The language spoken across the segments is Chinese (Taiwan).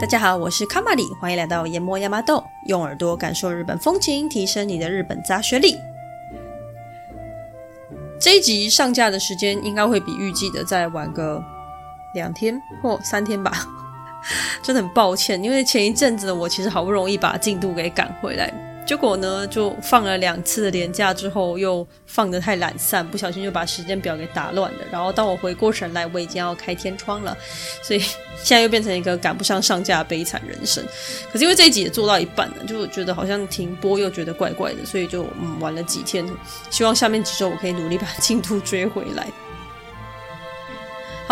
大家好，我是卡瑪麗，歡迎來到研磨亞麻豆，Do, 用耳朵感受日本風情，提升你的日本雜學力。這一集上架的時間應該會比預計的再晚個兩天或三天吧， 真的很抱歉，因為前一陣子我其實好不容易把進度給趕回來。結果呢，就放了兩次的連假之後，又放的太懶散，不小心就把時間表給打亂了。然後當我回過神來，我已經要開天窗了，所以現在又變成一個趕不上上架的悲慘人生。可是因為這一集也做到一半了，就覺得好像停播又覺得怪怪的，所以就，嗯，玩了幾天。希望下面幾周我可以努力把進度追回來。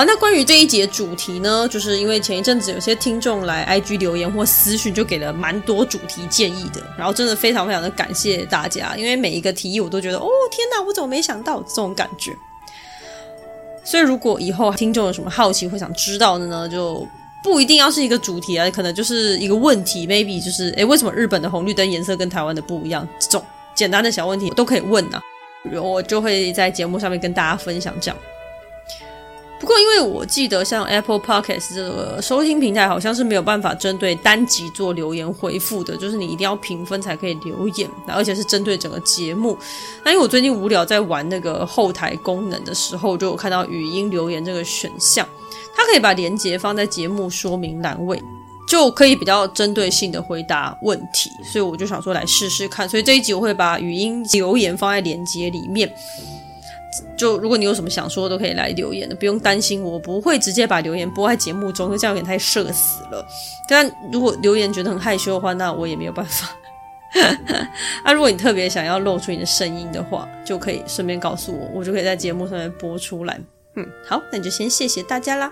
啊、那關於這一節主題呢，就是因為前一陣子有些聽眾來 IG 留言或私訊，就給了蠻多主題建議的。然後真的非常非常的感謝大家，因為每一個提議我都覺得，哦天吶，我怎麼沒想到這種感覺。所以如果以後聽眾有什麼好奇或想知道的呢，就不一定要是一個主題啊，可能就是一個問題，maybe 就是，誒、欸，為什麼日本的紅綠燈顏色跟台灣的不一樣？這種簡單的小問題我都可以問呢、啊，我就會在節目上面跟大家分享這樣。不過，因為我記得像 Apple Podcast 這個收聽平台，好像是沒有辦法針對單集做留言回復的，就是你一定要評分才可以留言，而且是針對整個節目。那因為我最近無聊在玩那個後台功能的時候，就有看到語音留言這個選項，它可以把連接放在節目說明欄位，就可以比較針對性的回答問題。所以我就想說來試試看，所以這一集我會把語音留言放在連接裡面。就如果你有什麼想說，都可以來留言的，不用擔心，我不會直接把留言播在節目中，因為這樣有點太社死了。但如果留言覺得很害羞的話，那我也沒有辦法。 啊，如果你特別想要露出你的聲音的話，就可以順便告訴我，我就可以在節目上面播出來。嗯，好，那你就先謝謝大家啦。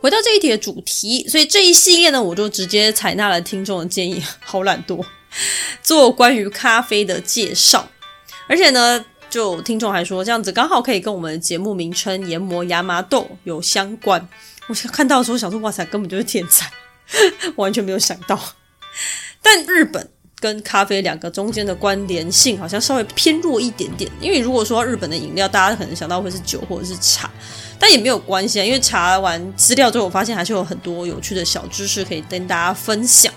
回到這一題的主題，所以這一系列呢，我就直接採納了聽眾的建議，好懶惰，做關於咖啡的介紹。而且呢，就聽眾還說這樣子剛好可以跟我們的節目名稱“研磨牙麻豆”有相關。我看到的時候，想說哇塞，根本就是天才， 我完全沒有想到。 但日本跟咖啡兩個中間的關聯性好像稍微偏弱一點點，因為如果說日本的飲料，大家可能想到會是酒或者是茶，但也沒有關係啊，因為查完資料之後，我發現還是有很多有趣的小知識可以跟大家分享。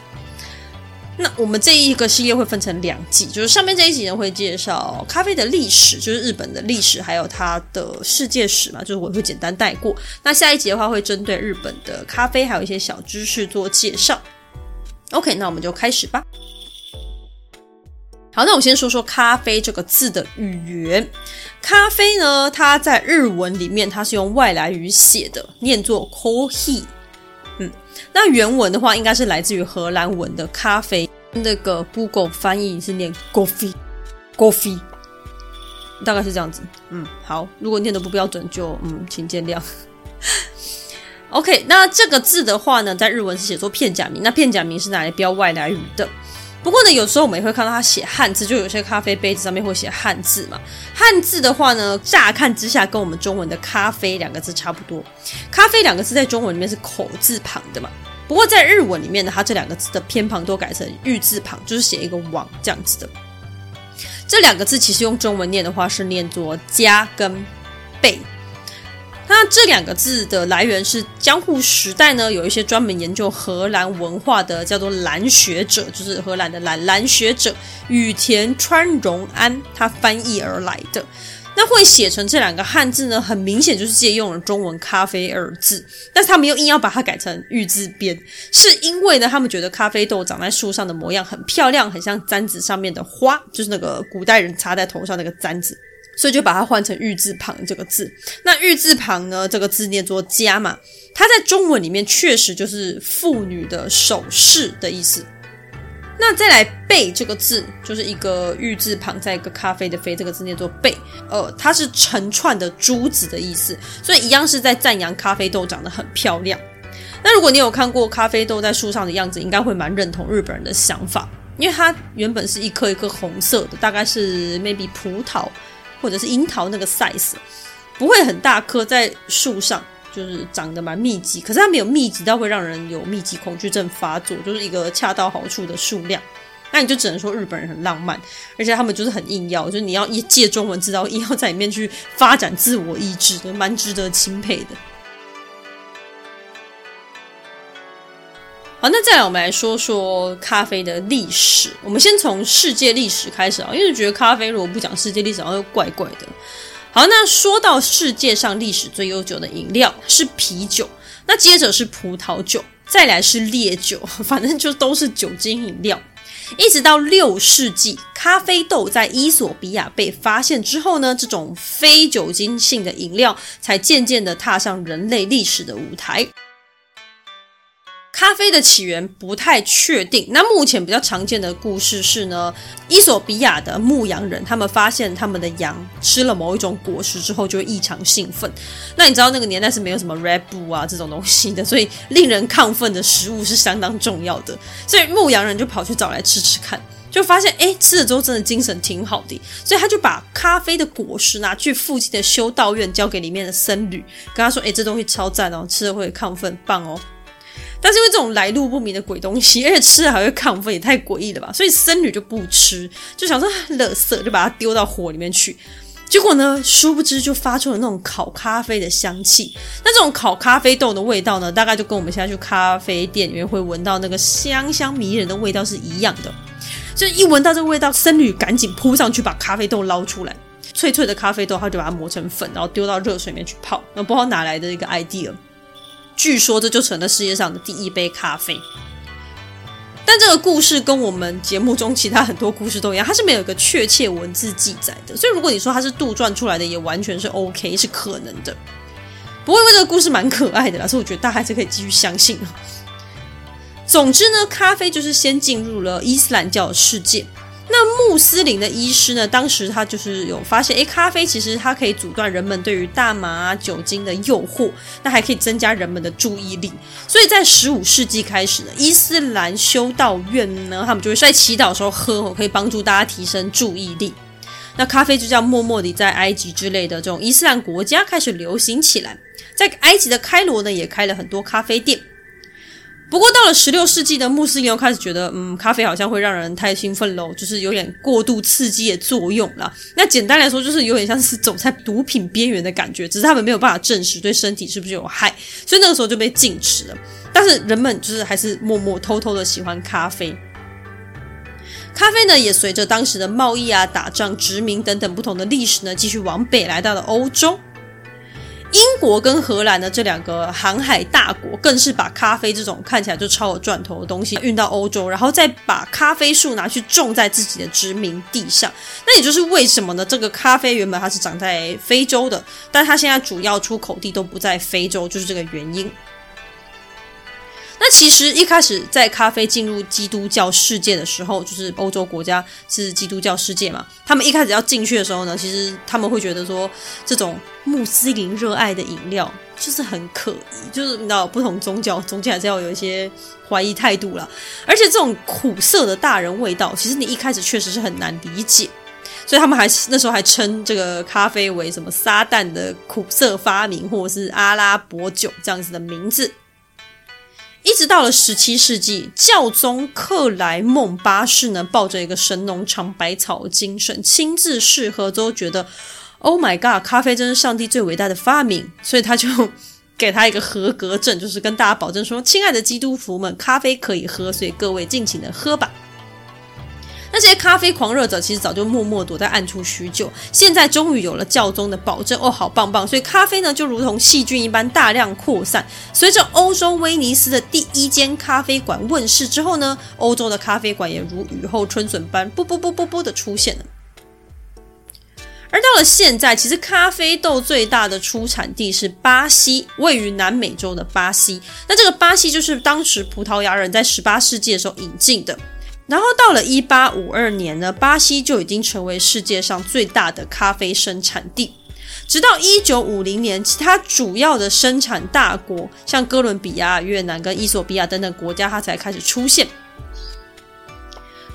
那我們這一個系列會分成兩集，就是上面這一集呢，會介紹咖啡的歷史，就是日本的歷史，還有它的世界史嘛，就是我會簡單帶過。那下一集的話會針對日本的咖啡，還有一些小知識做介紹。OK，那我們就開始吧。好，那我先說說咖啡這個字的語源。咖啡呢，它在日文裡面它是用外來語寫的，念作コーヒー。嗯，那原文的話應該是來自於荷蘭文的咖啡，那個 Google 翻譯是念 Goffee，Goffee，大概是這樣子。嗯，好，如果念的不標準就嗯，請見諒。 OK，那這個字的話呢，在日文是寫作片假名，那片假名是拿來標外來語的。不過呢，有時候我們也會看到他寫漢字，就有些咖啡杯子上面會寫漢字嘛。漢字的話呢，乍看之下跟我們中文的“咖啡”兩個字差不多，“咖啡”兩個字在中文裡面是口字旁的嘛。不過在日文裡面呢，它這兩個字的偏旁都改成玉字旁，就是寫一個王這樣子的。這兩個字其實用中文念的話是念作“家”跟“貝”。那這兩個字的來源是江戶時代呢，有一些專門研究荷蘭文化的叫做“蘭學者”，就是荷蘭的蘭“蘭蘭學者”宇田川榕菴，他翻譯而來的。那會寫成這兩個漢字呢，很明顯就是借用了中文“咖啡”二字，但是他們又硬要把它改成“玉”字邊，是因為呢，他們覺得咖啡豆長在樹上的模樣很漂亮，很像簪子上面的花，就是那個古代人插在頭上那個簪子。所以就把它換成玉字旁這個字。那玉字旁呢？這個字念作“家”嘛。它在中文裡面確實就是婦女的首飾的意思。那再來“貝”這個字，就是一個玉字旁再一個咖啡的“啡”這個字念作“貝”。呃，它是成串的珠子的意思。所以一樣是在讚揚咖啡豆長得很漂亮。那如果你有看過咖啡豆在樹上的樣子，應該會蠻認同日本人的想法，因為它原本是一顆一顆紅色的，大概是 maybe 葡萄。或者是櫻桃那個 size，不會很大顆，在樹上就是長得蠻密集，可是它沒有密集到會讓人有密集恐懼症發作，就是一個恰到好處的數量。那你就只能說日本人很浪漫，而且他們就是很硬要，就是你要一借中文之道，硬要在裡面去發展自我意志的，蠻值得欽佩的。好，那再來，我們來說說咖啡的歷史。我們先從世界歷史開始啊，因為覺得咖啡如果不講世界歷史，好像又怪怪的。好，那說到世界上歷史最悠久的飲料是啤酒，那接着是葡萄酒，再來是烈酒，反正就都是酒精飲料。一直到六世紀，咖啡豆在伊索比亞被發現之後呢，這種非酒精性的飲料才漸漸的踏上人類歷史的舞台。咖啡的起源不太確定，那目前比較常見的故事是呢，伊索比亞的牧羊人他們發現他們的羊吃了某一種果實之後就會異常興奮。那你知道那個年代是沒有什麼 Red Bull 啊這種東西的，所以令人亢奮的食物是相當重要的。所以牧羊人就跑去找來吃吃看，就發現誒、欸，吃了之後真的精神挺好的、欸，所以他就把咖啡的果實拿、啊、去附近的修道院交給裡面的僧侶，跟他說誒、欸，這東西超贊哦，吃了會亢奮，棒哦。但是因為這種來路不明的鬼東西，而且吃了還會亢奮，也太詭異了吧？所以僧侶就不吃，就想說垃圾，就把它丟到火裡面去。結果呢，殊不知就發出了那種烤咖啡的香氣。那這種烤咖啡豆的味道呢，大概就跟我們現在去咖啡店裡面會聞到那個香香迷人的味道是一樣的。就一聞到這個味道，僧侶趕緊撲上去把咖啡豆撈出來，脆脆的咖啡豆，她就把它磨成粉，然後丟到熱水裡面去泡。那不知道哪來的一個 idea。據說這就成了世界上的第一杯咖啡，但這個故事跟我們節目中其他很多故事都一樣，它是沒有一個確切文字記載的，所以如果你說它是杜撰出來的，也完全是 OK，是可能的。不過因為這個故事蠻可愛的啦，所以我覺得大家還是可以繼續相信。總之呢，咖啡就是先進入了伊斯蘭教的世界。那穆斯林的醫師呢，當時他就是有發現，誒，咖啡其實它可以阻斷人們對於大麻、酒精的誘惑，那還可以增加人們的注意力。所以在十五世紀開始呢，伊斯蘭修道院呢，他們就會在祈禱的時候喝，可以幫助大家提升注意力。那咖啡就這樣默默地在埃及之類的這種伊斯蘭國家開始流行起來，在埃及的開羅呢，也開了很多咖啡店。不過到了十六世紀的穆斯林又開始覺得，嗯，咖啡好像會讓人太興奮嘍，哦，就是有點過度刺激的作用啦。那簡單來說，就是有點像是走在毒品邊緣的感覺，只是他們沒有辦法證實對身體是不是有害，所以那個時候就被禁止了。但是人們就是還是默默偷偷的喜歡咖啡。咖啡呢，也隨着當時的貿易啊、打仗、殖民等等不同的歷史呢，繼續往北來到了歐洲。英國跟荷蘭的這兩個航海大國，更是把咖啡這種看起來就超有賺頭的東西運到歐洲，然後再把咖啡樹拿去種在自己的殖民地上。那也就是為什麼呢？這個咖啡原本它是長在非洲的，但它現在主要出口地都不在非洲，就是這個原因。那其實一開始在咖啡進入基督教世界的時候，就是歐洲國家是基督教世界嘛。他們一開始要進去的時候呢，其實他們會覺得說，這種穆斯林熱愛的飲料就是很可疑，就是你知道不同宗教中間還是要有一些懷疑態度啦，而且這種苦澀的大人味道，其實你一開始確實是很難理解，所以他們還是那時候還稱這個咖啡為什麼“撒旦的苦澀發明”或者是“阿拉伯酒”這樣子的名字。一直到了十七世紀，教宗克萊孟八世呢，抱着一個神農嘗百草的精神，親自試喝，都覺得，Oh my God，咖啡真是上帝最偉大的發明，所以他就給他一個合格證，就是跟大家保證說，親愛的基督徒們，咖啡可以喝，所以各位盡情的喝吧。那些咖啡狂熱者其實早就默默躲在暗處許久，現在終於有了教宗的保證哦，好棒棒！所以咖啡呢，就如同細菌一般大量擴散。隨着歐洲威尼斯的第一間咖啡館問世之後呢，歐洲的咖啡館也如雨後春筍般，啵啵啵啵啵的出現了。而到了現在，其實咖啡豆最大的出產地是巴西，位於南美洲的巴西。那這個巴西就是當時葡萄牙人在十八世紀的時候引進的。然後到了一八五二年呢，巴西就已經成為世界上最大的咖啡生產地。直到一九五零年，其他主要的生產大國，像哥倫比亞、越南跟伊索比亞等等國家，它才開始出現。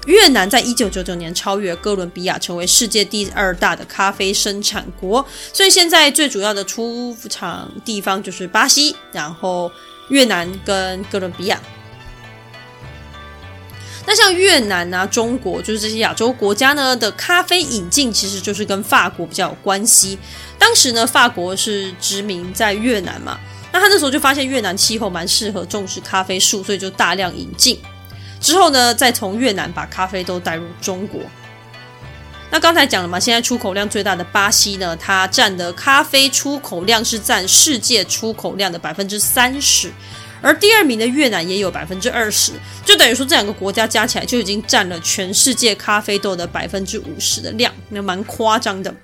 越南在一九九九年超越哥倫比亞，成為世界第二大的咖啡生產國。所以現在最主要的出產地方就是巴西，然後越南跟哥倫比亞。那像越南啊，中國就是這些亞洲國家呢的咖啡引進，其實就是跟法國比較有關係。當時呢，法國是殖民在越南嘛，那他那時候就發現越南氣候蠻適合種植咖啡樹，所以就大量引進。之後呢，再從越南把咖啡都帶入中國。那剛才講了嘛，現在出口量最大的巴西呢，它佔的咖啡出口量是佔世界出口量的百分之三十。而第二名的越南也有百分之二十，就等於說這兩個國家加起來就已經占了全世界咖啡豆的百分之五十的量，那蠻誇張的。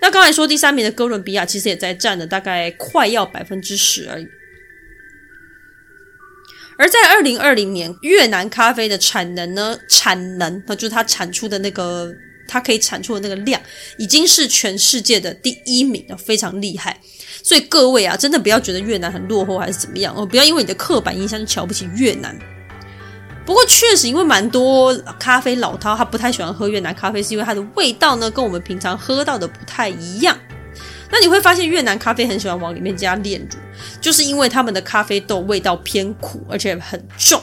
那剛才說第三名的哥倫比亞其實也在占了大概快要百分之十而已。而在二零二零年，越南咖啡的產能呢，產能，就是它產出的那個，它可以產出的那個量，已經是全世界的第一名了，非常厲害。所以各位啊，真的不要覺得越南很落後還是怎麼樣，哦，不要因為你的刻板印象就瞧不起越南。不過確實，因為蠻多咖啡老饕他不太喜歡喝越南咖啡，是因為它的味道呢跟我們平常喝到的不太一樣。那你會發現越南咖啡很喜歡往裡面加煉乳，就是因為他們的咖啡豆味道偏苦而且很重，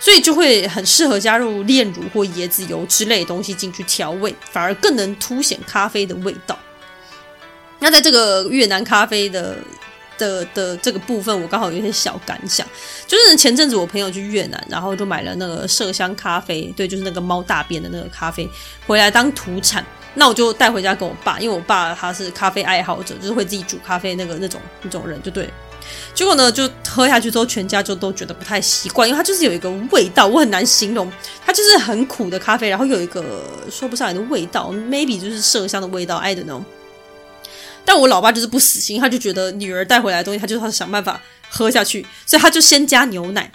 所以就會很適合加入煉乳或椰子油之類的東西進去調味，反而更能凸顯咖啡的味道。那在這個越南咖啡的的的,的這個部分，我剛好有一些小感想，就是前陣子我朋友去越南，然後就買了那個麝香咖啡，對，就是那個貓大便的那個咖啡，回來當土產，那我就帶回家給我爸，因為我爸他是咖啡愛好者，就是會自己煮咖啡那個那種那種人，就對。結果呢，就喝下去之後，全家就都覺得不太習慣，因為它就是有一個味道，我很難形容，它就是很苦的咖啡，然後有一個說不上來的味道，maybe 就是麝香的味道，I don't know。但我老爸就是不死心，他就覺得女兒帶回來的東西，他就是想辦法喝下去，所以他就先加牛奶。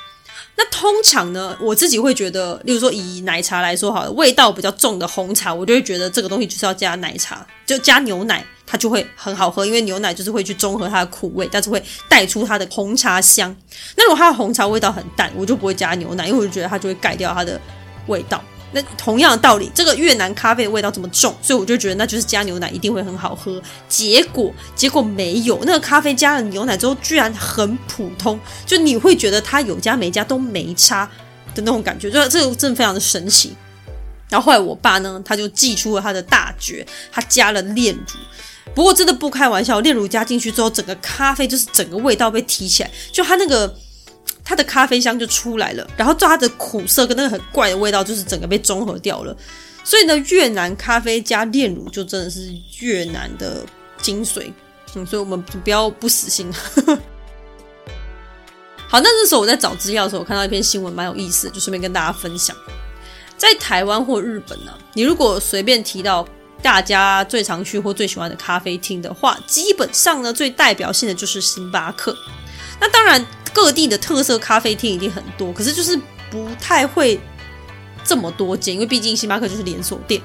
那通常呢，我自己會覺得，例如說以奶茶來說哈，味道比較重的紅茶，我就會覺得這個東西就是要加奶茶，就加牛奶，它就會很好喝，因為牛奶就是會去中和它的苦味，但是會帶出它的紅茶香。那如果它的紅茶味道很淡，我就不會加牛奶，因為我就覺得它就會蓋掉它的味道。那同樣的道理，這個越南咖啡的味道這麼重，所以我就覺得那就是加牛奶一定會很好喝。結果，結果沒有，那個咖啡加了牛奶之後居然很普通，就你會覺得它有加沒加都沒差的那種感覺。就這個真的非常的神奇。然後後來我爸呢，他就祭出了他的大絕，他加了煉乳。不過真的不開玩笑，煉乳加進去之後，整個咖啡就是整個味道被提起來，就它那個。它的咖啡香就出來了，然後就它的苦澀跟那個很怪的味道，就是整個被中和掉了。所以呢，越南咖啡加煉乳就真的是越南的精髓。嗯，所以我們不，不要不死心。 好，那這時候我在找資料的時候，我看到一篇新聞，蠻有意思的，就順便跟大家分享。在台灣或日本呢、啊，你如果隨便提到大家最常去或最喜歡的咖啡廳的話，基本上呢，最代表性的就是星巴克。那當然，各地的特色咖啡廳一定很多，可是就是不太會這麼多間，因為畢竟星巴克就是連鎖店。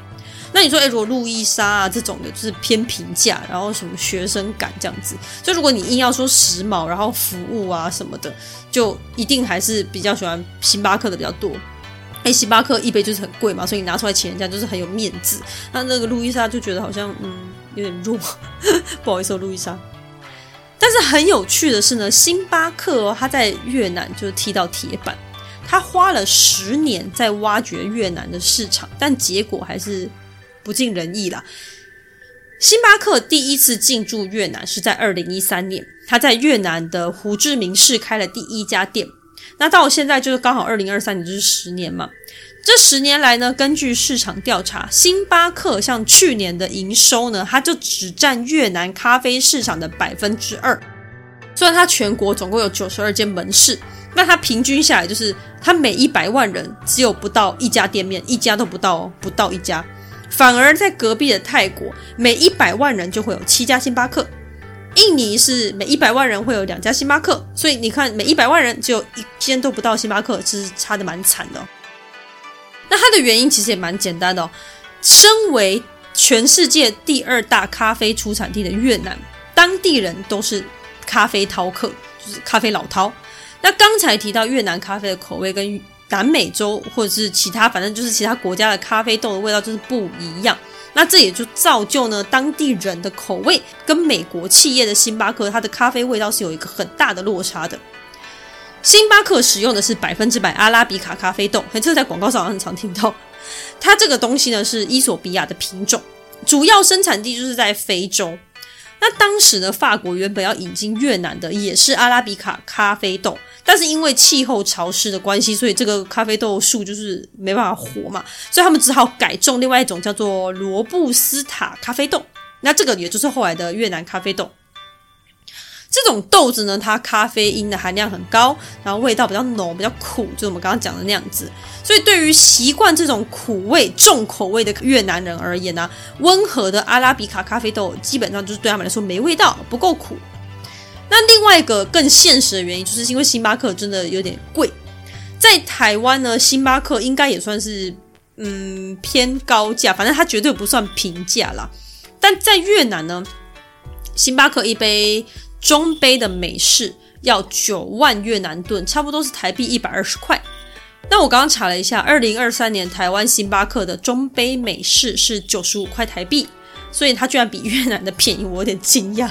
那你說，哎，如果路易莎啊這種的，就是偏平價，然後什麼學生感這樣子，就如果你硬要說時髦，然後服務啊什麼的，就一定還是比較喜歡星巴克的比較多。哎，星巴克一杯就是很貴嘛，所以你拿出來錢這樣就是很有面子。那那個路易莎就覺得好像嗯有點弱， 不好意思哦，路易莎。但是很有趣的是呢，星巴克哦，他在越南就踢到鐵板，他花了十年在挖掘越南的市場，但結果還是不盡人意啦。星巴克第一次進駐越南是在二零一三年，他在越南的胡志明市開了第一家店，那到現在就是剛好二零二三年，就是十年嘛。這十年來呢，根據市場調查，星巴克像去年的營收呢，它就只佔越南咖啡市場的百分之二。雖然它全國總共有九十二間門市，那它平均下來就是，它每一百萬人只有不到一家店面，一家都不到哦，不到一家。反而在隔壁的泰國，每一百萬人就會有七家星巴克；印尼是每一百萬人會有兩家星巴克。所以你看，每一百萬人只有一間都不到星巴克，就是差得蠻慘的。那它的原因其實也蠻簡單的哦。身為全世界第二大咖啡出產地的越南，當地人都是咖啡饕客，就是咖啡老饕。那剛才提到越南咖啡的口味跟南美洲或者是其他，反正就是其他國家的咖啡豆的味道就是不一樣。那這也就造就呢，當地人的口味跟美國企業的星巴克，它的咖啡味道是有一個很大的落差的。星巴克使用的是百分之百阿拉比卡咖啡豆，哎、欸，這在廣告上很常聽到。它這個東西呢，是伊索比亞的品種，主要生產地就是在非洲。那當時呢，法國原本要引進越南的也是阿拉比卡咖啡豆，但是因為氣候潮濕的關係，所以這個咖啡豆樹就是沒辦法活嘛，所以他們只好改種另外一種叫做羅布斯塔咖啡豆。那這個也就是後來的越南咖啡豆。這種豆子呢，它咖啡因的含量很高，然後味道比較濃，比較苦，就是我們剛剛講的那樣子。所以對於習慣這種苦味重口味的越南人而言呢，啊，溫和的阿拉比卡咖啡豆基本上就是對他們來說沒味道，不夠苦。那另外一個更現實的原因，就是因為星巴克真的有點貴。在台灣呢，星巴克應該也算是嗯偏高價，反正它絕對不算平價啦。但在越南呢，星巴克一杯中杯的美式要九萬越南盾，差不多是台幣一百二十塊。那我剛剛查了一下，二零二三年台灣星巴克的中杯美式是九十五塊台幣，所以它居然比越南的便宜，我有點驚訝。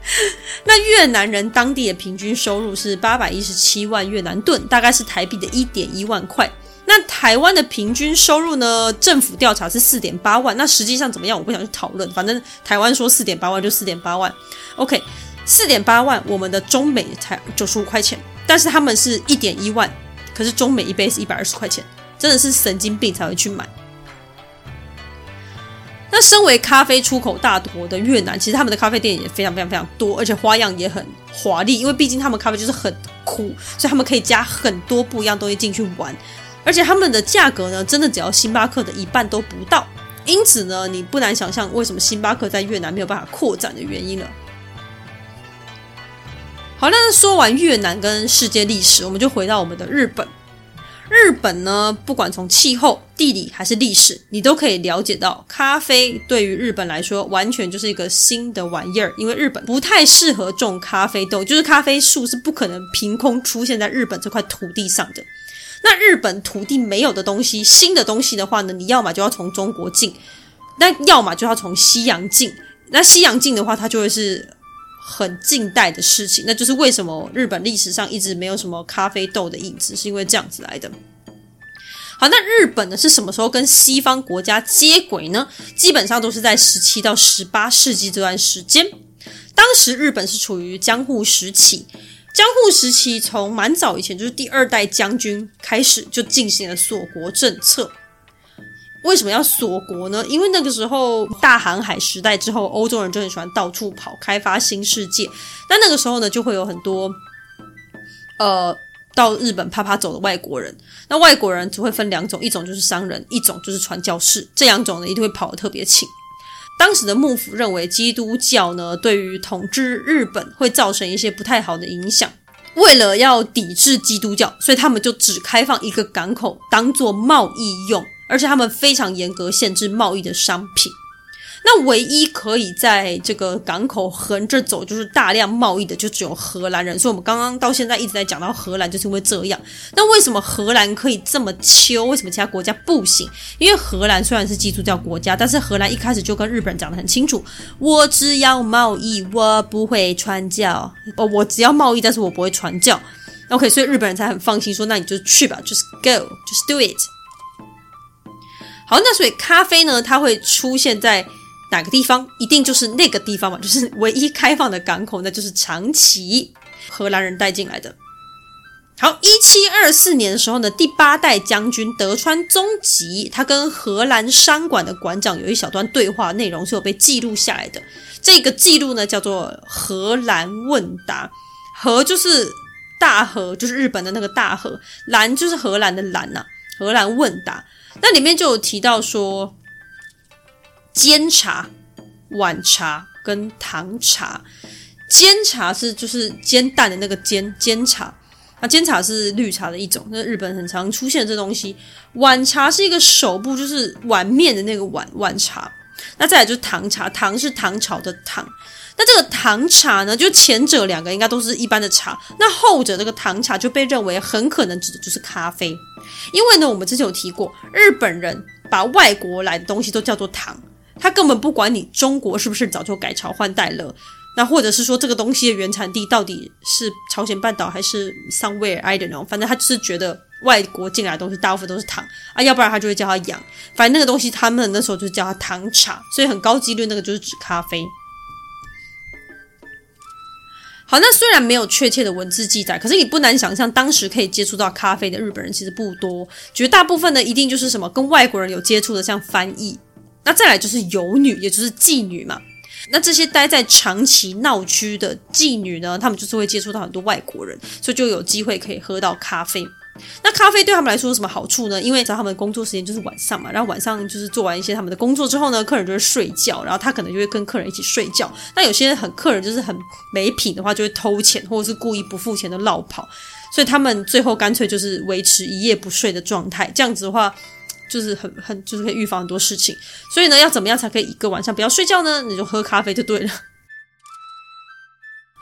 那越南人當地的平均收入是八百一十七萬越南盾，大概是台幣的一點一萬塊。那台灣的平均收入呢？政府調查是四點八萬。那實際上怎麼樣？我不想去討論，反正台灣說四點八萬就四點八萬。OK。四點八萬，我們的中美才九十五塊錢，但是他們是一點一萬，可是中美一杯是一百二十塊錢，真的是神經病才會去買。那身為咖啡出口大國的越南，其實他們的咖啡店也非常非常非常多，而且花樣也很華麗，因為畢竟他們咖啡就是很苦，所以他們可以加很多不一樣東西進去玩，而且他們的價格呢，真的只要星巴克的一半都不到。因此呢，你不難想象為什麼星巴克在越南沒有辦法擴展的原因了。好，那說完越南跟世界歷史，我們就回到我們的日本。日本呢，不管從氣候、地理還是歷史，你都可以了解到，咖啡對於日本來說，完全就是一個新的玩意兒。因為日本不太適合種咖啡豆，就是咖啡樹是不可能憑空出現在日本這塊土地上的。那日本土地沒有的東西，新的東西的話呢，你要麼就要從中國進，那要麼就要從西洋進。那西洋進的話，它就會是，很近代的事情，那就是為什麼日本歷史上一直沒有什麼咖啡豆的影子，是因為這樣子來的。好，那日本呢，是什麼時候跟西方國家接軌呢？基本上都是在十七到十八世紀這段時間。當時日本是處於江戶時期，江戶時期從蠻早以前，就是第二代將軍開始，就進行了鎖國政策。為什麼要鎖國呢？因為那個時候大航海時代之後，歐洲人就很喜歡到處跑，開發新世界。那那個時候呢，就會有很多，呃，到日本啪啪走的外國人。那外國人只會分兩種，一種就是商人，一種就是傳教士。這兩種呢，一定會跑得特別勤。當時的幕府認為基督教呢，對於統治日本會造成一些不太好的影響。為了要抵制基督教，所以他們就只開放一個港口當做貿易用。而且他們非常嚴格限制貿易的商品，那唯一可以在這個港口橫着走，就是大量貿易的就只有荷蘭人。所以我們剛剛到現在一直在講到荷蘭，就是因為這樣。那為什麼荷蘭可以這麼秋？為什麼其他國家不行？因為荷蘭雖然是基督教國家，但是荷蘭一開始就跟日本人講得很清楚：我只要貿易，我不會傳教。哦，我只要貿易，但是我不會傳教。OK，所以日本人才很放心說：那你就去吧，Just go，just do it。好，那所以咖啡呢？它會出現在哪個地方？一定就是那個地方嘛，就是唯一開放的港口，那就是長崎。荷蘭人帶進來的。好，一七二四年的時候呢，第八代將軍德川宗吉，他跟荷蘭商館的館長有一小段對話，內容是有被記錄下來的。這個記錄呢，叫做《荷蘭問答》。荷就是大荷，就是日本的那個大荷；蘭就是荷蘭的蘭吶，《荷蘭問答》。那裡面就有提到說，煎茶、碗茶跟糖茶。煎茶是就是煎蛋的那個煎，煎茶，那、啊、煎茶是綠茶的一種，那日本很常出現的這東西。碗茶是一個手部，就是碗麵的那個碗，碗茶。那再來就是唐茶，唐是唐朝的唐。那這個唐茶呢，就前者兩個應該都是一般的茶，那後者這個唐茶就被認為很可能指的就是咖啡，因為呢，我們之前有提過，日本人把外國來的東西都叫做唐，他根本不管你中國是不是早就改朝換代了，那或者是說這個東西的原產地到底是朝鮮半島還是 somewhere else，反正他就是覺得。外國進來的東西大部分都是糖啊，要不然他就會叫它“洋”。反正那個東西他們那時候就叫它“糖茶”，所以很高幾率那個就是指咖啡。好，那雖然沒有確切的文字記載，可是你不難想象，當時可以接觸到咖啡的日本人其實不多，絕大部分呢一定就是什麼跟外國人有接觸的，像翻譯。那再來就是遊女，也就是妓女嘛。那這些待在長崎鬧區的妓女呢，他們就是會接觸到很多外國人，所以就有機會可以喝到咖啡。那咖啡對他們來說有什麼好處呢？因為找他們的工作時間就是晚上嘛，然後晚上就是做完一些他們的工作之後呢，客人就是睡覺，然後他可能就會跟客人一起睡覺。那有些很客人就是很沒品的話，就會偷錢或者是故意不付錢的落跑，所以他們最後乾脆就是維持一夜不睡的狀態。這樣子的話，就是很很就是可以預防很多事情。所以呢，要怎麼樣才可以一個晚上不要睡覺呢？你就喝咖啡就對了。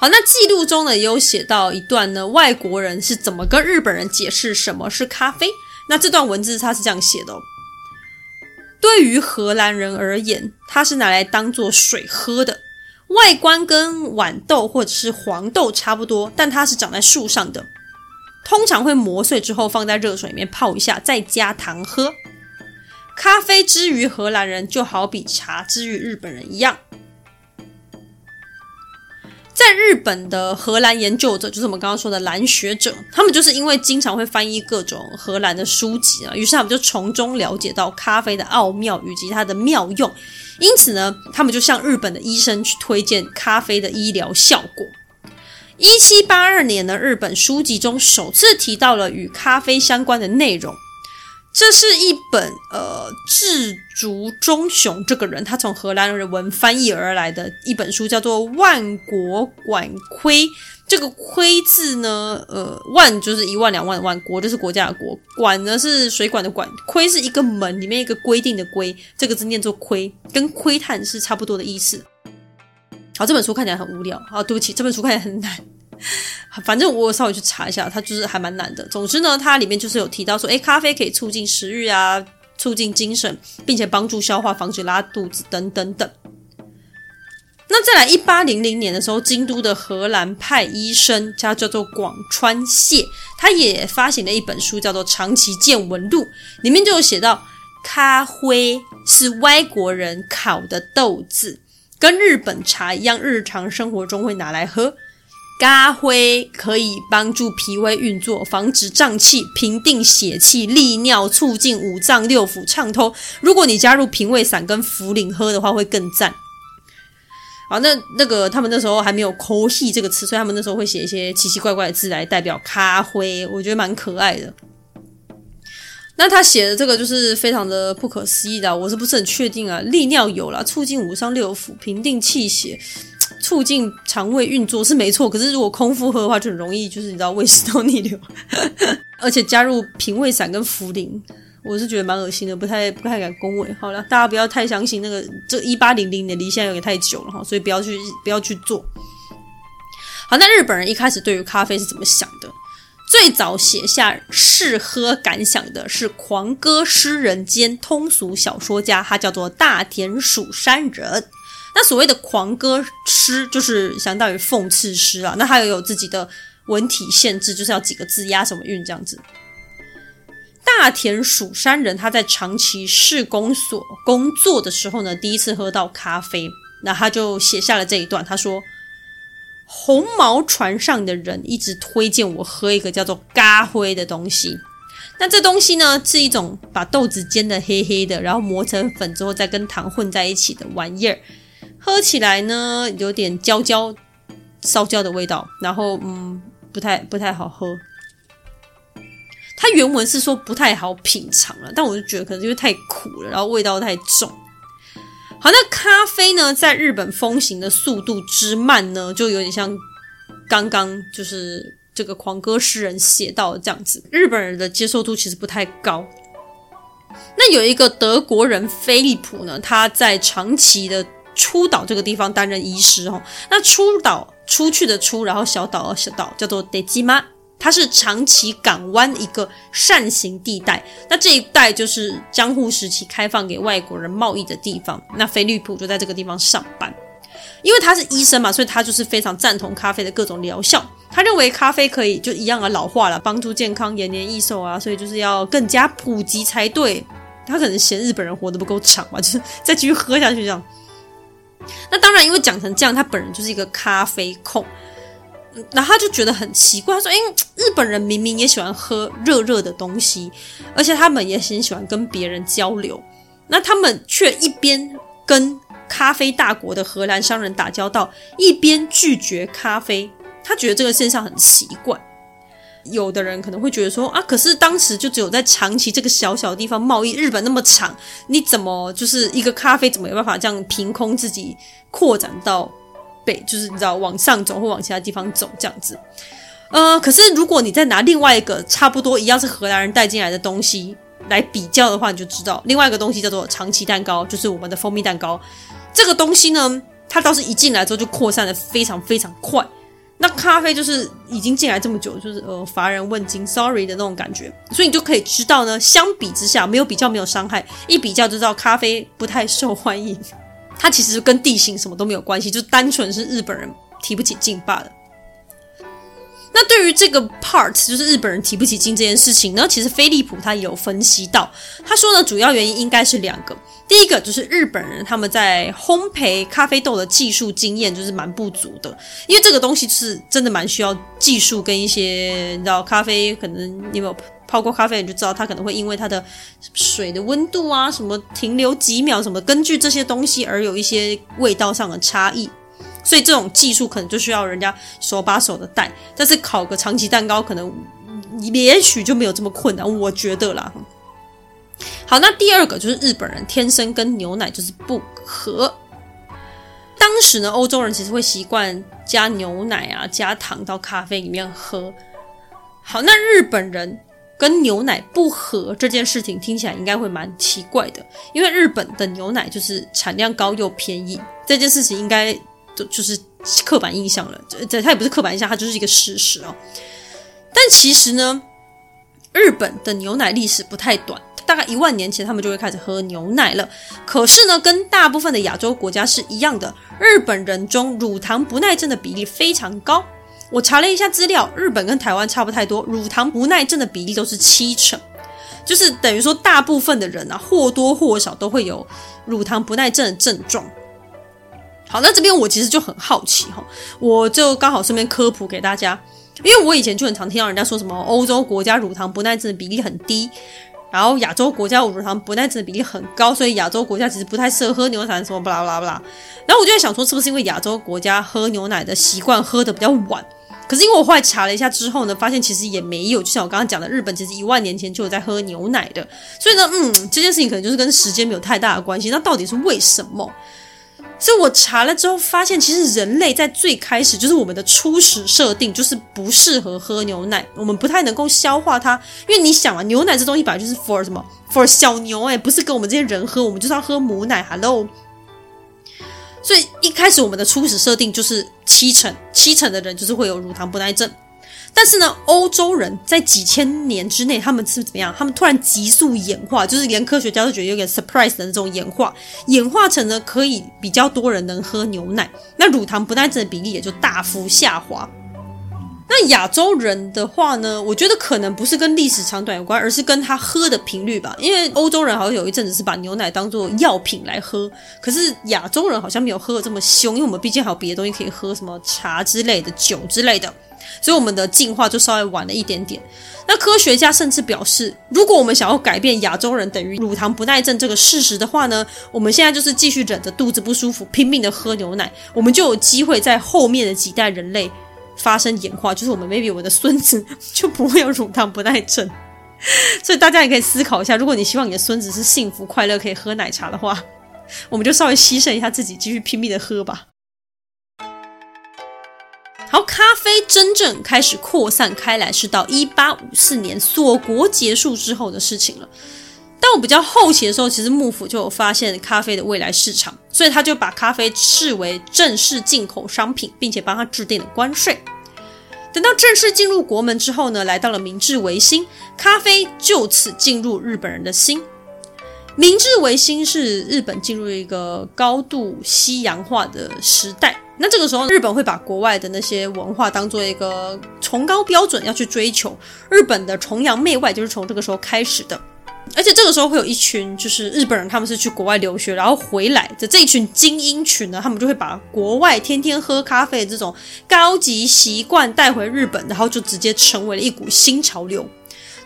好，那記錄中呢，也有寫到一段呢，外國人是怎麼跟日本人解釋什麼是咖啡。那這段文字他是這樣寫的哦。對於荷蘭人而言，它是拿來當做水喝的，外觀跟豌豆或者是黃豆差不多，但它是長在樹上的，通常會磨碎之後放在熱水裡面泡一下，再加糖喝。咖啡之於荷蘭人，就好比茶之於日本人一樣。在日本的荷蘭研究者，就是我們剛剛說的蘭學者，他們就是因為經常會翻譯各種荷蘭的書籍啊，於是他們就從中了解到咖啡的奧妙以及它的妙用，因此呢，他們就向日本的醫生去推薦咖啡的醫療效果。一七八二年呢，日本書籍中首次提到了與咖啡相關的內容。這是一本呃，志築忠雄這個人，他從荷蘭人文翻譯而來的一本書，叫做《萬國管窺》。這個“窺”字呢，呃，萬就是一萬兩萬的萬，國就是國家的國；管呢是水管的管；窺是一個門裡面一個規定的規。這個字念作“窺”，跟“窺探”是差不多的意思。好，這本書看起來很無聊啊，哦！對不起，這本書看起來很難。反正我稍微去查一下，它就是還蠻難的。總之呢，它裡面就是有提到說，誒，咖啡可以促進食慾啊，促進精神，並且幫助消化，防止拉肚子等等等。那再來一八零零年的時候，京都的荷蘭派醫生他叫做廣川謝，他也發行了一本書，叫做《長崎見聞錄》，裡面就有寫到，咖啡是外國人烤的豆子，跟日本茶一樣，日常生活中會拿來喝。咖啡可以幫助脾胃運作，防止脹氣，平定血氣，利尿，促進五臟六腑暢通。如果你加入平胃散跟茯苓喝的話，會更讚。好，那那個他們那時候還沒有 coffee 這個詞，所以他們那時候會寫一些奇奇怪怪的字來代表咖啡。我覺得蠻可愛的。那他寫的這個就是非常的不可思議的，我是不是很確定啊？利尿有了，促進五臟六腑，平定氣血。促進腸胃運作是沒錯，可是如果空腹喝的話，就很容易就是你知道胃食道逆流。 而且加入平胃散跟茯苓，我是覺得蠻噁心的，不太不太敢恭維。好了，大家不要太相信那個，這一八零零年離現在有點太久了哈，所以不要去不要去做。好，那日本人一開始對於咖啡是怎麼想的？最早寫下試喝感想的是狂歌詩人兼通俗小說家，他叫做大田蜀山人。那所謂的狂歌詩就是相當於諷刺詩啦。那它也有自己的文體限制，就是要幾個字押什麼韻這樣子。大田蜀山人他在長崎市工所工作的時候呢，第一次喝到咖啡，那他就寫下了這一段。他說：“紅毛船上的人一直推薦我喝一個叫做咖灰的東西。那這東西呢，是一種把豆子煎得黑黑的，然後磨成粉之後再跟糖混在一起的玩意兒。”喝起來呢，有點焦焦、燒焦的味道，然後嗯，不太不太好喝。它原文是說不太好品嚐了，但我就覺得可能因為太苦了，然後味道太重。好，那咖啡呢，在日本風行的速度之慢呢，就有點像剛剛就是這個狂歌詩人寫到的這樣子，日本人的接受度其實不太高。那有一個德國人菲利普呢，他在長崎的出島這個地方擔任醫師哦，那出島出去的出，然後小島啊小島叫做 Dejima 它是長崎港灣一個扇形地帶。那這一帶就是江戶時期開放給外國人貿易的地方。那菲利普就在這個地方上班，因為他是醫生嘛，所以他就是非常贊同咖啡的各種療效。他認為咖啡可以就一樣的老化了，幫助健康延年益壽啊，所以就是要更加普及才對。他可能嫌日本人活得不夠長嘛，就是再繼續喝下去這樣。那當然，因為講成這樣，他本人就是一個咖啡控，嗯，然後他就覺得很奇怪，他說：“因為日本人明明也喜歡喝熱熱的東西，而且他們也很喜歡跟別人交流，那他們卻一邊跟咖啡大國的荷蘭商人打交道，一邊拒絕咖啡，他覺得這個現象很奇怪。”有的人可能會覺得說啊，可是當時就只有在長崎這個小小的地方貿易，日本那麼長，你怎麼就是一個咖啡怎麼有辦法這樣憑空自己擴展到北，就是你知道往上走或往其他地方走這樣子？呃，可是如果你再拿另外一個差不多一樣是荷蘭人帶進來的東西來比較的話，你就知道另外一個東西叫做長崎蛋糕，就是我們的蜂蜜蛋糕，這個東西呢，它倒是一進來之後就擴散得非常非常快。那咖啡就是已經進來這麼久，就是呃乏人問津，Sorry 的那種感覺，所以你就可以知道呢。相比之下，沒有比較沒有傷害，一比較就知道咖啡不太受歡迎。它其實跟地形什麼都沒有關係，就單純是日本人提不起勁罷了。那對於這個 part 就是日本人提不起勁這件事情呢，其實菲利普他也有分析到，他說的主要原因應該是兩個，第一個就是日本人他們在烘焙咖啡豆的技術經驗就是蠻不足的，因為這個東西是真的蠻需要技術跟一些你知道咖啡，可能你有沒有泡過咖啡你就知道，它可能會因為它的水的溫度啊，什麼停留幾秒，什麼根據這些東西而有一些味道上的差異。所以這種技術可能就需要人家手把手的帶，但是烤個長崎蛋糕可能也許就沒有這麼困難，我覺得啦。好，那第二個就是日本人天生跟牛奶就是不合。當時呢，歐洲人其實會習慣加牛奶啊、加糖到咖啡裡面喝。好，那日本人跟牛奶不合這件事情聽起來應該會蠻奇怪的，因為日本的牛奶就是產量高又便宜，這件事情應該。就是刻板印象了，這它也不是刻板印象，它就是一個事實哦。但其實呢，日本的牛奶歷史不太短，大概一萬年前他們就會開始喝牛奶了。可是呢，跟大部分的亞洲國家是一樣的，日本人中乳糖不耐症的比例非常高。我查了一下資料，日本跟台灣差不太多，乳糖不耐症的比例都是七成，就是等於說大部分的人啊，或多或少都會有乳糖不耐症的症狀。好，那這邊我其實就很好奇哈，我就剛好順便科普給大家，因為我以前就很常聽到人家說什麼歐洲國家乳糖不耐症的比例很低，然後亞洲國家乳糖不耐症的比例很高，所以亞洲國家其實不太適合喝牛奶什麼巴拉巴拉巴拉。然後我就在想說，是不是因為亞洲國家喝牛奶的習慣喝得比較晚？可是因為我後來查了一下之後呢，發現其實也沒有，就像我剛剛講的，日本其實一萬年前就有在喝牛奶的，所以呢，嗯，這件事情可能就是跟時間沒有太大的關係。那到底是為什麼？所以我查了之後發現，其實人類在最開始就是我們的初始設定就是不適合喝牛奶，我們不太能夠消化它。因為你想啊，牛奶這東西本來就是 for 什麼，for 小牛誒、欸、不是跟我們這些人喝，我們就是要喝母奶。Hello，所以一開始我們的初始設定就是七成，七成的人就是會有乳糖不耐症。但是呢，歐洲人在幾千年之內，他們是怎麼樣？他們突然急速演化，就是連科學家都覺得有點 surprise 的那種演化，演化成了可以比較多人能喝牛奶，那乳糖不耐症的比例也就大幅下滑。那亞洲人的話呢，我覺得可能不是跟歷史長短有關，而是跟他喝的頻率吧。因為歐洲人好像有一陣子是把牛奶當做藥品來喝，可是亞洲人好像沒有喝得這麼凶，因為我們畢竟還有別的東西可以喝，什麼茶之類的、酒之類的。所以我們的進化就稍微晚了一點點。那科學家甚至表示，如果我們想要改變亞洲人等於乳糖不耐症這個事實的話呢，我們現在就是繼續忍着肚子不舒服，拼命的喝牛奶，我們就有機會在後面的幾代人類發生演化，就是我們 maybe 我們的孫子就不會有乳糖不耐症。所以大家也可以思考一下，如果你希望你的孫子是幸福快樂可以喝奶茶的話，我們就稍微犧牲一下自己，繼續拼命的喝吧。好，咖啡真正開始擴散開來，是到一八五四年鎖國結束之後的事情了。當我比較後期的時候，其實幕府就有發現咖啡的未來市場，所以他就把咖啡視為正式進口商品，並且幫他制定了關稅。等到正式進入國門之後呢，來到了明治維新，咖啡就此進入日本人的心。明治維新是日本進入一個高度西洋化的時代。那這個時候，日本會把國外的那些文化當做一個崇高標準要去追求。日本的崇洋媚外就是從這個時候開始的。而且這個時候會有一群就是日本人，他們是去國外留學，然後回來的這一群精英群呢，他們就會把國外天天喝咖啡的這種高級習慣帶回日本，然後就直接成為了一股新潮流。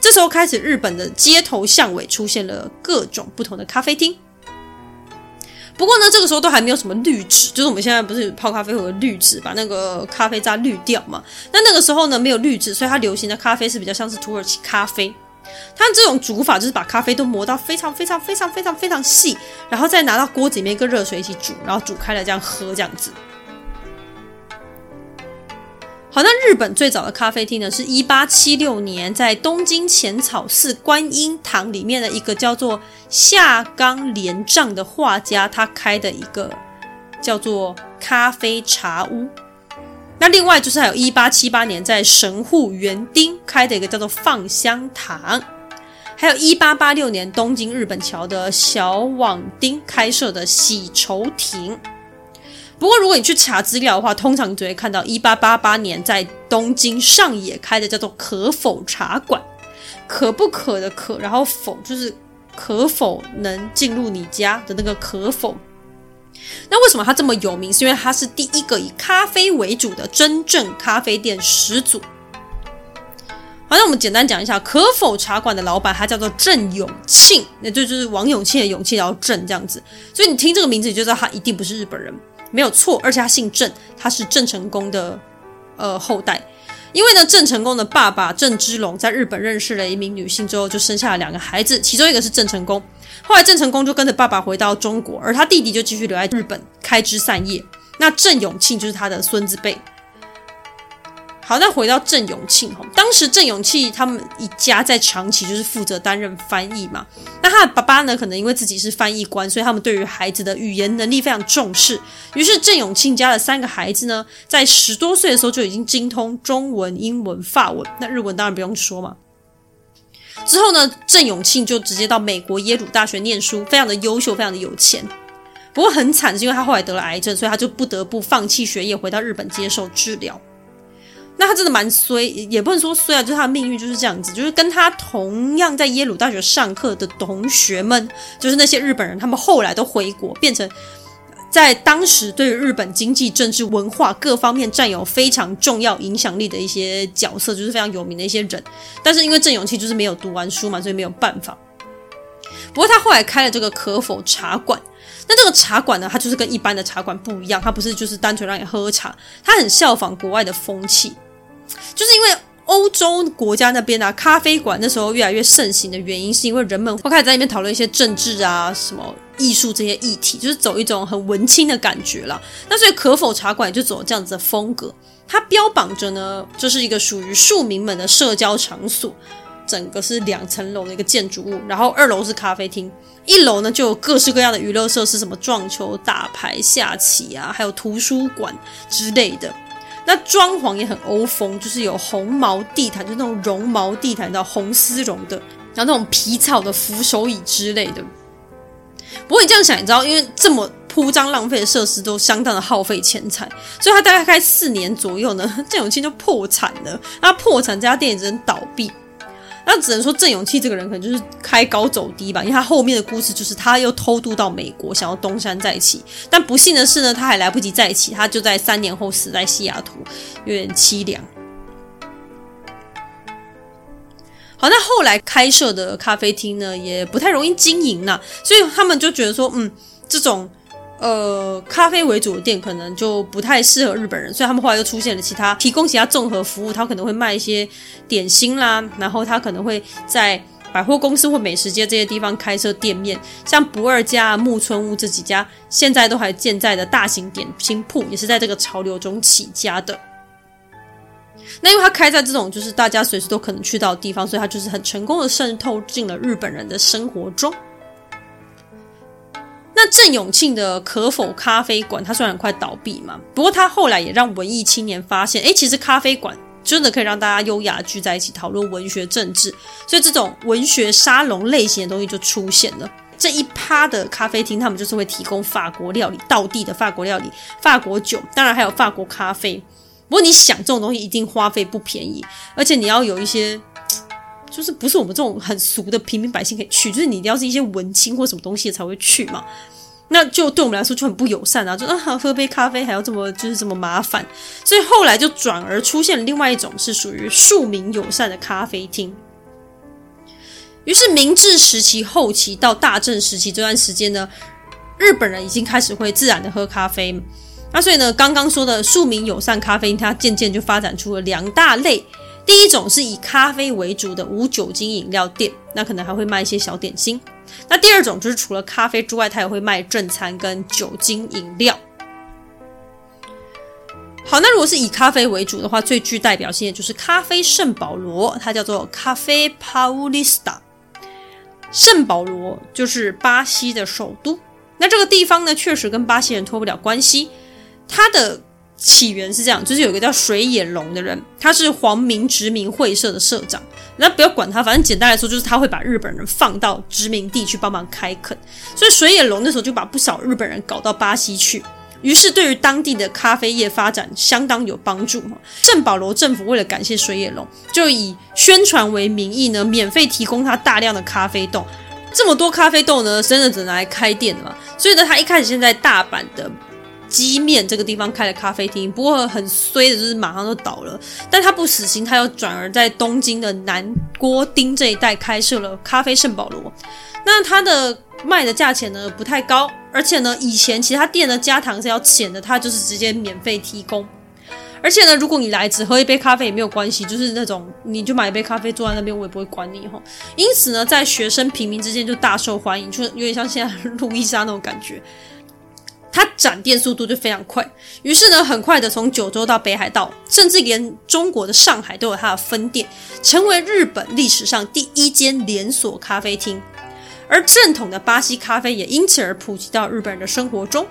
這時候開始，日本的街頭巷尾出現了各種不同的咖啡廳。不過呢，這個時候都還沒有什麼濾紙，就是我們現在不是泡咖啡會有濾紙，把那個咖啡渣濾掉嘛。那那個時候呢，沒有濾紙，所以它流行的咖啡是比較像是土耳其咖啡。它這種煮法就是把咖啡都磨到非常非常非常非常非常細，然後再拿到鍋子裡面跟熱水一起煮，然後煮開來這樣喝這樣子。好，那日本最早的咖啡廳呢，是一八七六年在東京淺草寺觀音堂裡面的一個叫做下岡蓮杖的畫家，他開的一個叫做咖啡茶屋。那另外就是還有一八七八年在神戶園丁開的一個叫做放香堂，還有一八八六年東京日本橋的小網町開設的洗愁亭。不過，如果你去查資料的話，通常你只會看到一八八八年在東京上野開的叫做“可否茶館”，可不可的可，然後否就是可否能進入你家的那個可否。那為什麼它這麼有名？是因為它是第一個以咖啡為主的真正咖啡店始祖。好，那我們簡單講一下，可否茶館的老板他叫做鄭永慶，那就就是王永慶的永慶，然後鄭這樣子。所以你聽這個名字，你就知道他一定不是日本人。沒有錯，而且他姓鄭，他是鄭成功的，呃，後代。因為呢，鄭成功的爸爸鄭芝龍在日本認識了一名女性之後，就生下了兩個孩子，其中一個是鄭成功。後來鄭成功就跟着爸爸回到中國，而他弟弟就繼續留在日本開枝散葉。那鄭永慶就是他的孫子輩。好，那回到鄭永慶齁，當時鄭永慶他們一家在長崎，就是負責擔任翻譯嘛。那他的爸爸呢，可能因為自己是翻譯官，所以他們對於孩子的語言能力非常重視。於是，鄭永慶家的三個孩子呢，在十多歲的時候就已經精通中文、英文、法文，那日文當然不用說嘛。之後呢，鄭永慶就直接到美國耶魯大學念書，非常的優秀，非常的有錢。不過很慘，是因為他後來得了癌症，所以他就不得不放棄學業，回到日本接受治療。那他真的蠻衰，也不能說衰啊，就是他的命運就是這樣子。就是跟他同樣在耶魯大學上課的同學們，就是那些日本人，他們後來都回國，變成在當時對於日本經濟、政治、文化各方面佔有非常重要影響力的一些角色，就是非常有名的一些人。但是因為鄭永慶就是沒有讀完書嘛，所以沒有辦法。不過他後來開了這個可否茶館，那這個茶館呢，他就是跟一般的茶館不一樣，他不是就是單純讓你喝茶，他很效仿國外的風氣。就是因為歐洲國家那邊啊，咖啡館那時候越來越盛行的原因，是因為人們會開始在裡面討論一些政治啊、什麼藝術這些議題，就是走一種很文青的感覺啦。那所以可否茶館就走這樣子的風格，它標榜着呢，就是一個屬於庶民們的社交場所。整個是兩層樓的一個建築物，然後二樓是咖啡廳，一樓呢就有各式各樣的娛樂設施，是什麼撞球、打牌、下棋啊，還有圖書館之類的。那裝潢也很歐風，就是有紅毛地毯，就那種絨毛地毯的紅絲絨的，然後那種皮草的扶手椅之類的。不過你這樣想，你知道，因為這麼鋪張浪費的設施都相當的耗費錢財，所以他大概開四年左右呢，鄭永慶就破產了。那破產，這家店也只能倒閉。那只能說鄭勇氣這個人可能就是開高走低吧，因為他後面的故事就是他又偷渡到美國，想要東山再起，但不幸的是呢，他還來不及再起，他就在三年後死在西雅圖，有點淒涼。好，那後來開設的咖啡廳呢，也不太容易經營了啊，所以他們就覺得說，嗯，這種。呃，咖啡為主的店可能就不太適合日本人，所以他們後來又出現了其他提供其他綜合服務，他可能會賣一些點心啦，然後他可能會在百貨公司或美食街這些地方開設店面。像不二家、木村屋這幾家，現在都還健在的大型點心鋪，也是在這個潮流中起家的。那因為它開在這種就是大家隨時都可能去到的地方，所以它就是很成功的滲透進了日本人的生活中。鄭永慶的可否咖啡館，它雖然很快倒閉嘛，不過他後來也讓文藝青年發現，哎、欸，其實咖啡館真的可以讓大家優雅聚在一起討論文學、政治，所以這種文學沙龍類型的東西就出現了。這一趴的咖啡廳，他們就是會提供法國料理，道地的法國料理、法國酒，當然還有法國咖啡。不過你想，這種東西一定花費不便宜，而且你要有一些，就是不是我們這種很俗的平民百姓可以去，就是你一定要是一些文青或什麼東西的才會去嘛。那就對我們來說就很不友善啊！就啊，喝杯咖啡還要這麼就是這麼麻煩，所以後來就轉而出現另外一種是屬於庶民友善的咖啡廳。於是明治時期後期到大正時期這段時間呢，日本人已經開始會自然地喝咖啡，那所以呢，剛剛說的庶民友善咖啡廳，它漸漸就發展出了兩大類。第一種是以咖啡為主的無酒精飲料店，那可能還會賣一些小點心。那第二種就是除了咖啡之外，它也會賣正餐跟酒精飲料。好，那如果是以咖啡為主的話，最具代表性的就是咖啡聖保羅，它叫做咖啡 Paulista。聖保羅就是巴西的首都。那這個地方呢，確實跟巴西人脫不了關係，它的。起源是這樣，就是有一個叫水野龍的人，他是皇民殖民會社的社長。那不要管他，反正簡單來說，就是他會把日本人放到殖民地去幫忙開墾。所以水野龍那時候就把不少日本人搞到巴西去，於是對於當地的咖啡業發展相當有幫助。聖保羅政府為了感謝水野龍，就以宣傳為名義呢，免費提供他大量的咖啡豆。這麼多咖啡豆呢，真的只能來開店了。所以呢，他一開始現在大阪的。箕面這個地方開了咖啡廳，不過很衰的就是馬上就倒了。但他不死心，他又轉而在東京的南鍋町這一帶開設了咖啡聖保羅。那他的賣的價錢呢，不太高，而且呢以前其他店呢加糖是要錢的，他就是直接免費提供。而且呢，如果你來只喝一杯咖啡也沒有關係，就是那種你就買一杯咖啡坐在那邊，我也不會管你哈。因此呢，在學生平民之間就大受歡迎，就有點像現在路易莎那種感覺。它展店速度就非常快，於是呢，很快的從九州到北海道，甚至連中國的上海都有它的分店，成為日本歷史上第一間連鎖咖啡廳。而正統的巴西咖啡也因此而普及到日本人的生活中。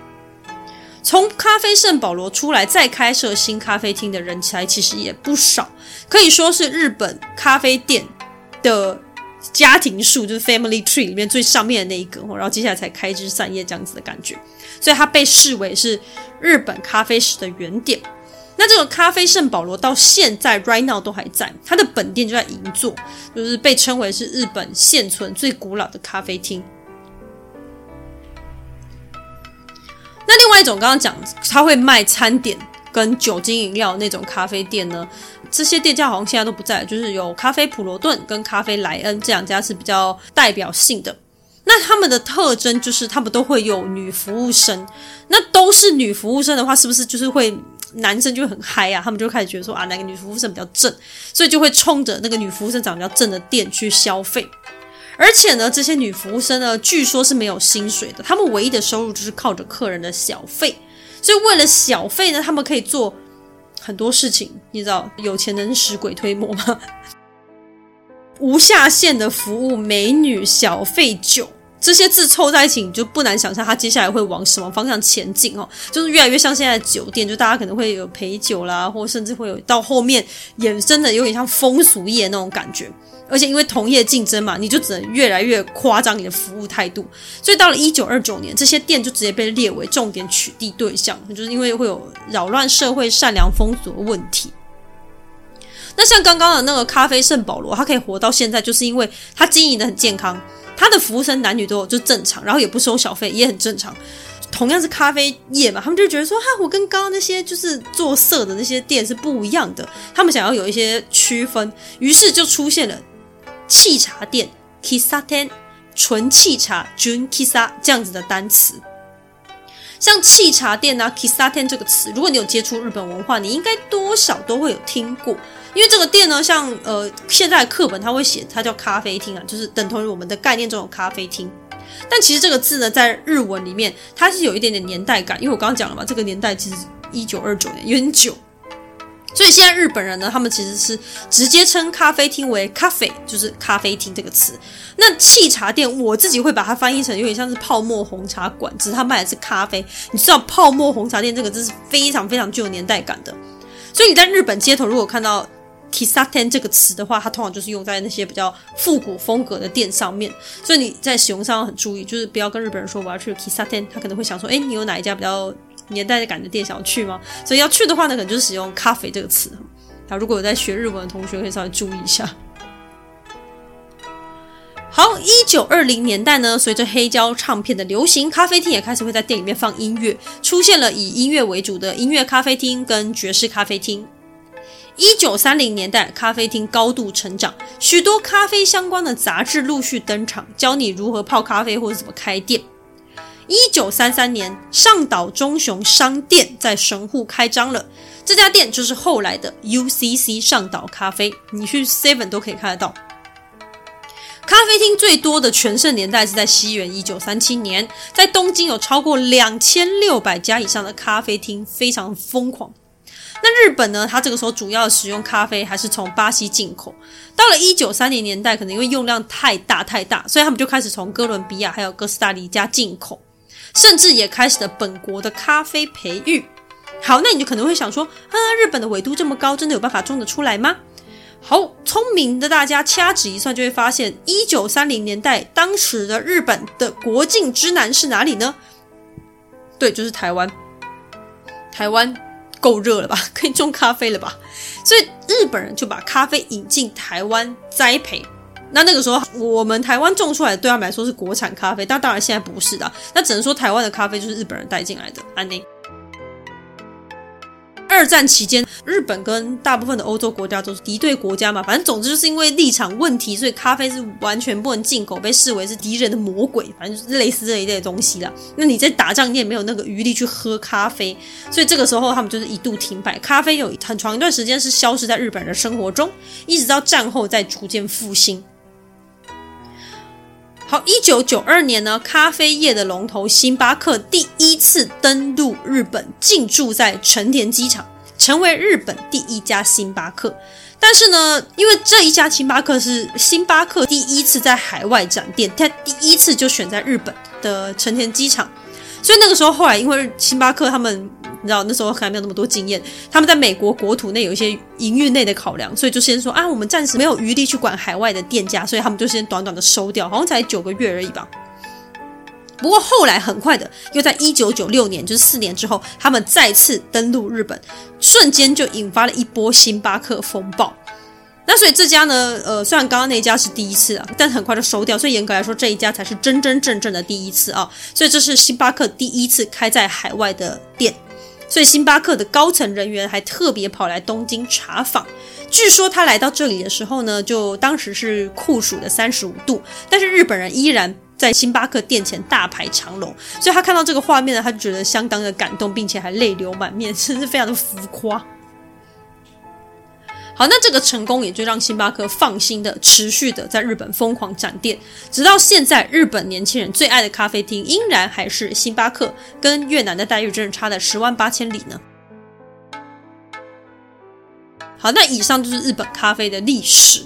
從咖啡聖保羅出來再開設新咖啡廳的人才其實也不少，可以說是日本咖啡店的。家庭樹就是 family tree 裡面最上面的那一個，然後接下來才開枝散葉這樣子的感覺，所以它被視為是日本咖啡史的原點。那這個咖啡聖保羅到現在 right now 都還在，它的本店就在銀座，就是被稱為是日本現存最古老的咖啡廳。那另外一種剛剛講，他會賣餐點跟酒精飲料的那種咖啡店呢？這些店家好像現在都不在，就是有咖啡普羅頓跟咖啡萊恩這兩家是比較代表性的。那他們的特徵就是他們都會有女服務生，那都是女服務生的話，是不是就是會男生就會很嗨啊？他們就開始覺得說啊，那個女服務生比較正，所以就會衝着那個女服務生長得比較正的店去消費。而且呢，這些女服務生呢，據說是沒有薪水的，他們唯一的收入就是靠着客人的小費，所以為了小費呢，他們可以做。很多事情你知道，有錢能使鬼推磨嗎？無下限的服務、美女、小費酒，這些字湊在一起，你就不難想象它接下來會往什麼方向前進哦。就是越來越像現在的酒店，就大家可能會有陪酒啦，或甚至會有到後面衍生的有點像風俗業那種感覺。而且因為同業競爭嘛，你就只能越來越誇張你的服務態度。所以到了一九二九年，這些店就直接被列為重點取締對象，就是因為會有擾亂社會善良風俗的問題。那像剛剛的那個咖啡聖保羅，他可以活到現在，就是因為他經營得很健康，他的服務生男女都就正常，然後也不收小費也很正常。同樣是咖啡業嘛，他們就覺得說，哈，我跟剛剛那些就是做色的那些店是不一樣的，他們想要有一些區分，於是就出現了。喫茶店 （kissaten） 純喫茶 （junkissa） 這樣子的單詞，像喫茶店啊 kissaten 這個詞，如果你有接觸日本文化，你應該多少都會有聽過。因為這個店呢，像呃現在的課本它會寫它叫咖啡廳啊，就是等同於我們的概念中的咖啡廳。但其實這個字呢，在日文裡面它是有一點點年代感，因為我剛剛講了嘛，這個年代其實一九二九年，有點久。所以現在日本人呢，他們其實是直接稱咖啡廳為 cafe，就是咖啡廳這個詞。那喫茶店，我自己會把它翻譯成有點像是泡沫紅茶館，只是它賣的是咖啡。你知道泡沫紅茶店這個字是非常非常具有年代感的。所以你在日本街頭如果看到 kisaten 這個詞的話，它通常就是用在那些比較複古風格的店上面。所以你在使用上很注意，就是不要跟日本人說我要去 kisaten，他可能會想說，哎，你有哪一家比較？年代感的店，想要去嗎？所以要去的話呢，可能就是使用“咖啡”這個詞。那如果有在學日文的同學，可以稍微注意一下。好，一九二零年代呢，隨着黑膠唱片的流行，咖啡廳也開始會在店裡面放音樂，出現了以音樂為主的音樂咖啡廳跟爵士咖啡廳。一九三零年代，咖啡廳高度成長，許多咖啡相關的雜誌陸續登場，教你如何泡咖啡或者怎麼開店。一九三三年，上島忠雄商店在神戶開張了，這家店就是後來的 UCC 上島咖啡。你去 Seven 都可以看得到。咖啡廳最多的全盛年代是在西元一九三七年，在東京有超過兩千六百家以上的咖啡廳，非常瘋狂。那日本呢？它這個時候主要的使用咖啡還是從巴西進口。到了一九三零年代，可能因為用量太大太大，所以他們就開始從哥倫比亞還有哥斯達黎加進口。甚至也開始了本國的咖啡培育。好，那你就可能會想說，啊、呃，日本的緯度這麼高，真的有辦法種得出來嗎？好，聰明的大家掐指一算就會發現，一九三零年代當時的日本的國境之南是哪裡呢？對，就是台灣。台灣夠熱了吧？可以種咖啡了吧？所以日本人就把咖啡引進台灣栽培。那那個時候，我們台灣種出來的，對他們來說是國產咖啡，但當然現在不是的。那只能說台灣的咖啡就是日本人帶進來的。安妮，二戰期間，日本跟大部分的歐洲國家都是敵對國家嘛，反正總之就是因為立場問題，所以咖啡是完全不能進口，被視為是敵人的魔鬼，反正就是類似這一類的東西了。那你在打仗，你也沒有那個餘力去喝咖啡，所以這個時候他們就是一度停擺，咖啡有很長一段時間是消失在日本人的生活中，一直到戰後再逐漸復興。好，一九九二年呢，咖啡業的龍頭星巴克第一次登陸日本，進駐在成田機場，成為日本第一家星巴克。但是呢，因為這一家星巴克是星巴克第一次在海外展店，它第一次就選在日本的成田機場。所以那個時候，後來因為星巴克他們，你知道那時候還沒有那麼多經驗，他們在美國國土內有一些營運內的考量，所以就先說啊，我們暫時沒有餘地去管海外的店家，所以他們就先短短的收掉，好像才九個月而已吧。不過後來很快的，又在一九九六年，就是四年之後，他們再次登陸日本，瞬間就引發了一波星巴克風暴。那所以這家呢，呃，雖然剛剛那家是第一次啊，但很快就收掉，所以嚴格來說，這一家才是真真正正的第一次啊。所以這是星巴克第一次開在海外的店，所以星巴克的高層人員還特別跑來東京查訪。據說他來到這裡的時候呢，就當時是酷暑的三十五度，但是日本人依然在星巴克店前大排長龍，所以他看到這個畫面呢，他就覺得相當的感動，並且還淚流滿面，真是非常的浮誇。好，那這個成功也就讓星巴克放心的持續的在日本瘋狂展店，直到現在，日本年輕人最愛的咖啡廳依然還是星巴克，跟越南的待遇真的差了十萬八千里呢。好，那以上就是日本咖啡的歷史，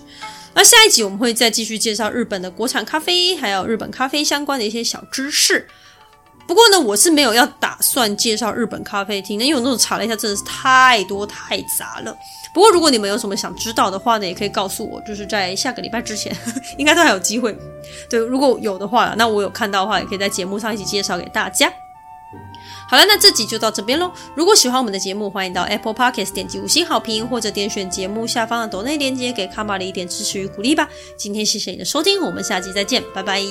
那下一集我們會再繼續介紹日本的國產咖啡，還有日本咖啡相關的一些小知識。不過呢，我是沒有要打算介紹日本咖啡廳的，因為我那種查了一下，真的是太多太雜了。不過如果你們有什麼想知道的話呢，也可以告訴我，就是在下個禮拜之前，呵呵應該都還有機會。對，如果有的話，那我有看到的話，也可以在節目上一起介紹給大家。好了，那這集就到這邊嘍。如果喜歡我們的節目，歡迎到 Apple Podcast 點擊五星好評，或者點選節目下方的抖內鏈接給 Kamari 一點支持與鼓勵吧。今天謝謝你的收聽，我們下集再見，拜拜。